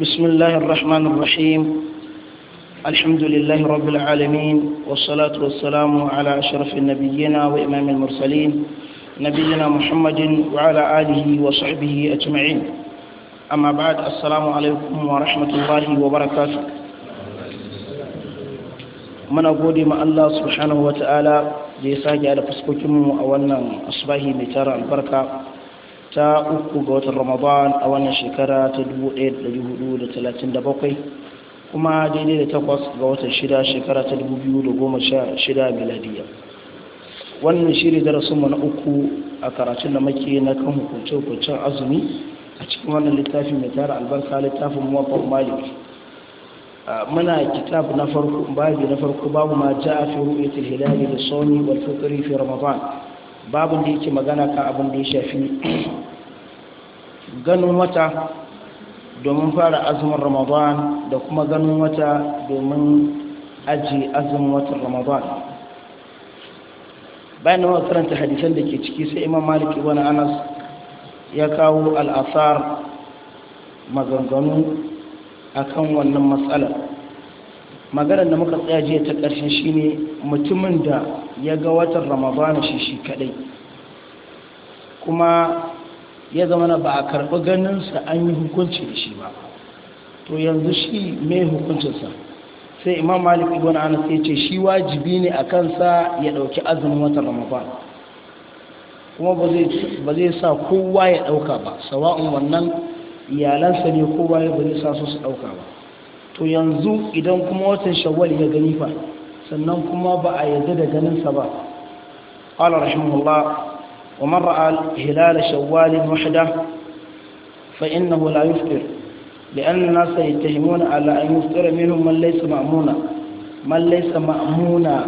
بسم الله الرحمن الرحيم الحمد لله رب العالمين والصلاة والسلام على أشرف النبيين وإمام المرسلين نبينا محمد وعلى آله وصحبه أجمعين أما بعد السلام عليكم ورحمة الله وبركاته من أقول ما الله سبحانه وتعالى da ya sake da fuskokinmu a البركة ta uku ga watan ramadan a wannan shekara ta 1437 kuma daidai da takwas ga watan shida shekara ta 2016 biladiyya. wannan shiri darasinmu na uku a karatun da muke na kan hukunce-hukuncen azumi a cikin wannan littafi mai tara albarka littafin muwafar malik muna kitab na farko babu na farko babu ma ja'a fi ru'yatil hilali da sawmi wal fitri fi ramadan Babu da yake magana kan abin da ya shafi ganin wata domin fara azumin ramadan da kuma ganin wata domin aji azumin watan ramadan bayan da karanta hadisan da ke ciki sai imam maliki wani anas ya kawo al'asar maganganu akan wannan matsalar maganar da muka tsaya jiya ta shi shine mutumin da ya ga watan ramadana shi shi kadai kuma ya zama na ba a karɓi ganinsa an yi hukunci da shi ba to yanzu shi mai hukuncinsa sai imam malik ibn anas ya ce shi wajibi ne a kansa ya ɗauki azumin watan ramadan kuma ba zai sa kowa ya ɗauka ba sawa'un wannan iyalansa ne kowa ya ba zai sa su su ɗauka ba to yanzu idan kuma watan shawwal ya gani fa sannan kuma ba a yadda قال رحمه الله ومن رأى هلال شوال وحده فإنه لا يفطر لأن الناس يتهمون على أن يفطر منهم من ليس مأمونا من ليس مأمونا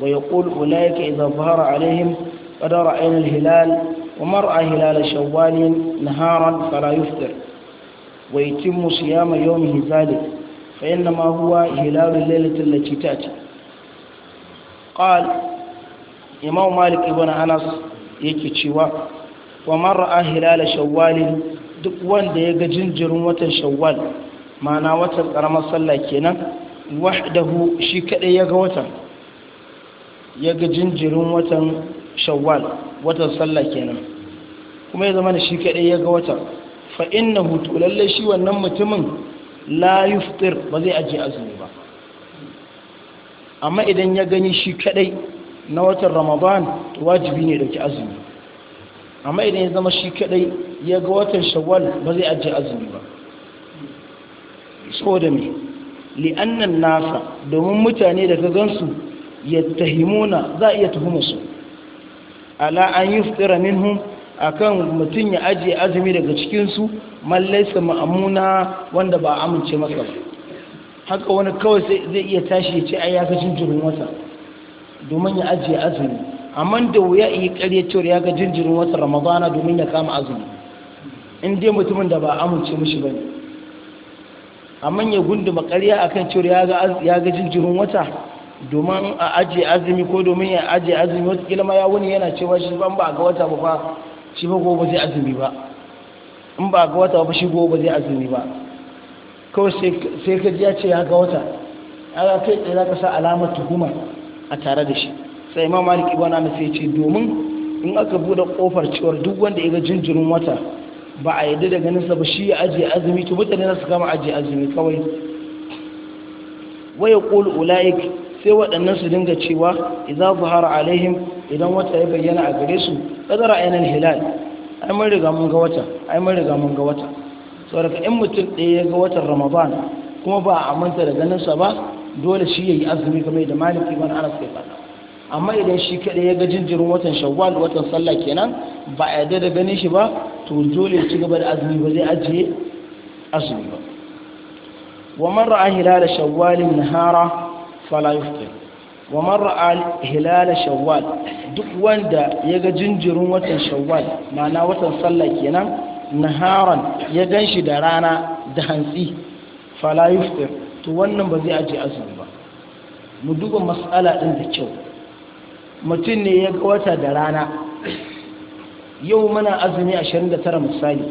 ويقول أولئك إذا ظهر عليهم قد رأينا الهلال ومن رأى هلال شوال نهارا فلا يفطر ويتم صيام يومه ذلك فإنما هو هلال الليلة التي تأتي qal imam malik ibn anas yake cewa wa man ra'a hilal duk wanda ya ga jinjirin watan shawwal ma'ana watan karamar sallah kenan wahdahu shi kadai ya ga watan ya ga jinjirin watan shawwal watan sallah kenan kuma ya zama da shi kadai ya ga watan fa innahu to lalle shi wannan mutumin la yuftir ba zai aje azumi ba amma idan ya gani shi kadai na watan ramadan wajibi ne dauki azumi amma idan ya zama shi kadai ya ga watan shawwal ba zai ajiye azumi ba saboda me li'annan nasa domin mutane da daga gansu yattahimuna za iya tuhuma su ala an yuftira minhum akan mutum ya ajiye azumi daga cikin su ma'amuna wanda ba amince masa ba haka wani kawai zai iya tashi ya ce a ya ga jinjirin wata domin ya ajiye azumi amma da wuya yi karye cewar ya ga jinjirin wata ramadana domin ya kama azumi in dai mutumin da ba amince mishi ba ne amma ya gunduma a kan cewar ya ga jinjirin wata domin a ajiye azumi ko domin ya ajiye azumi wata kila ya wuni yana cewa shi ban ba ga wata ba shi ba gobe zai azumi ba in ba ga wata ba shi gobe zai azumi ba kawai sai ka ya ce ya ga wata ya kai tsaye za ka sa alamar tuhuma a tare da shi sai imam malik ibn anas ya ce domin in aka bude kofar cewar duk wanda ya ga jinjirin wata ba a yadda da ganin sa ba shi ya ajiye azumi to mutane na su kama ajiye azumi kawai waya qul ulaik sai waɗannan su dinga cewa idza zuhara alaihim idan wata ya bayyana a gare su kadara ainal hilal ai mun riga mun ga wata ai mun riga mun ga wata saboda in mutum ɗaya ya ga watan ramadan kuma ba a manta da ganinsa ba dole shi ya yi azumi kamar da maliki wani anas kai faɗa amma idan shi kaɗai ya ga jinjirin watan shawwal watan sallah kenan ba a yarda da ganin shi ba to dole ya ci gaba da azumi ba zai ajiye azumi ba ra'a hilal shawwal nahara fala فلا wa man ra'a hilal shawwal duk wanda ya ga jinjirin watan shawwal ma'ana watan sallah kenan naharan ya gan shi da rana da hantsi fala yuftir to wannan ba zai aje azumi ba mu duba matsala ɗin da kyau mutum ne ya ga wata da rana yau muna azumi 29 misali